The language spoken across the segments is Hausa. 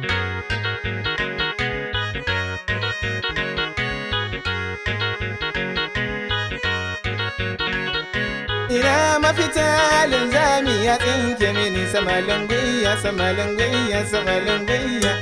Ina mafita zami ya tsinke mini sama sama gwiya samalin sama samalin gwiya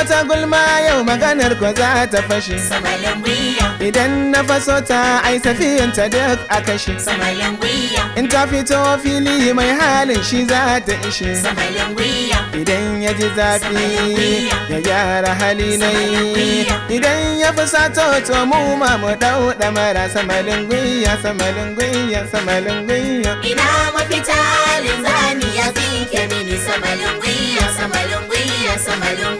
wata gulma yau maganar ko za ta fashe idan na faso ta ai safiyan ta duk a kashe in ta fito fili mai halin shi za ta ishe idan ya ji zafi ya gyara hali nai idan ya fi sato to mu ma mu dau mara. samalin gwiya samalin gwiya samalin gwiya ina mafita linzani ya fi mini samalin gwiya samalin gwiya samalin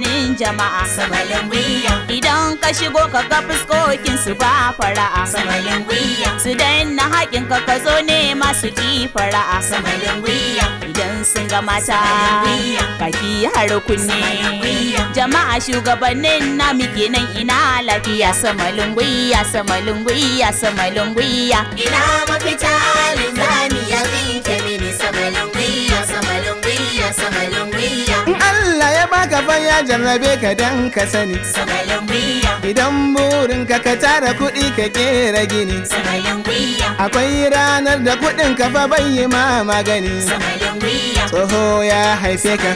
maganin jama'a sabalin wiya idan ka shigo ka ga fuskokin su ba fara'a sabalin wiya su daina haƙin ka ka zo ne masu ji fara'a sabalin wiya idan sun ga mata Ka ki har kunne jama'a shugabannin na muke nan ina lafiya samalin wiya samalin wiya samalin wiya ina mafita linzami yanzu na jarrabe ka dan ka sani idan burin ka ka tara kuɗi ka kera gini akwai ranar da kuɗin ka fa bai ma magani tsoho ya haife ka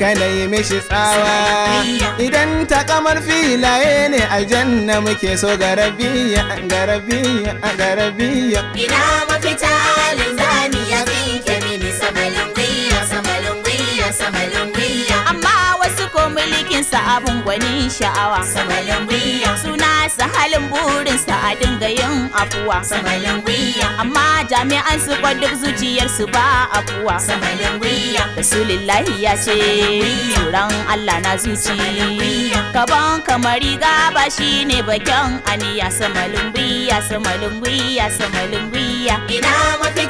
kana yi mishi tsawa idan ta kamar filaye ne aljanna muke so garabiya garabiya garabiya ina mafita alin abun gwanin sha'awa samalin wiya suna su halin burin sa a dinga yin afuwa samalin wiya amma jami'an su duk zuciyar su ba afuwa samalin wiya rasulullahi ya ce tsoron Allah na zuci kaban kamari gaba shine bakin aniya samalin wiya samalin wiya samalin wiya ina mafi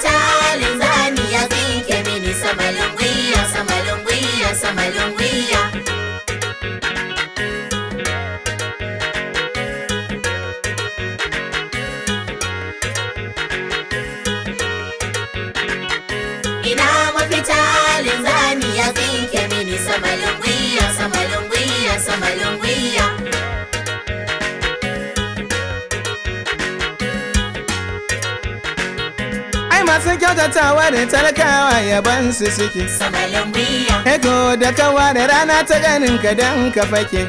masu kyautatawa da talakawa yaban su suke ego da kawa da rana ta ganin ka dan ka fake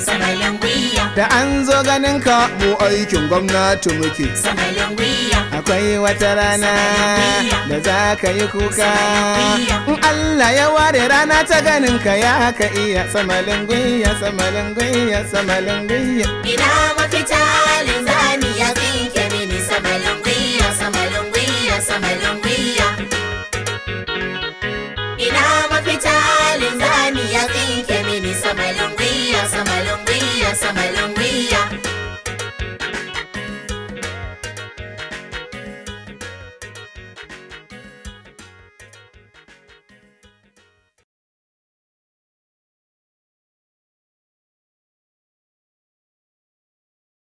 da an zo ganin ka mu aikin gwamnati muke akwai wata rana da za ka yi kuka in Allah ya ware rana ta ganin ka ya ka iya samalin gwiya samalin gwiya samalin gwiya ina mafita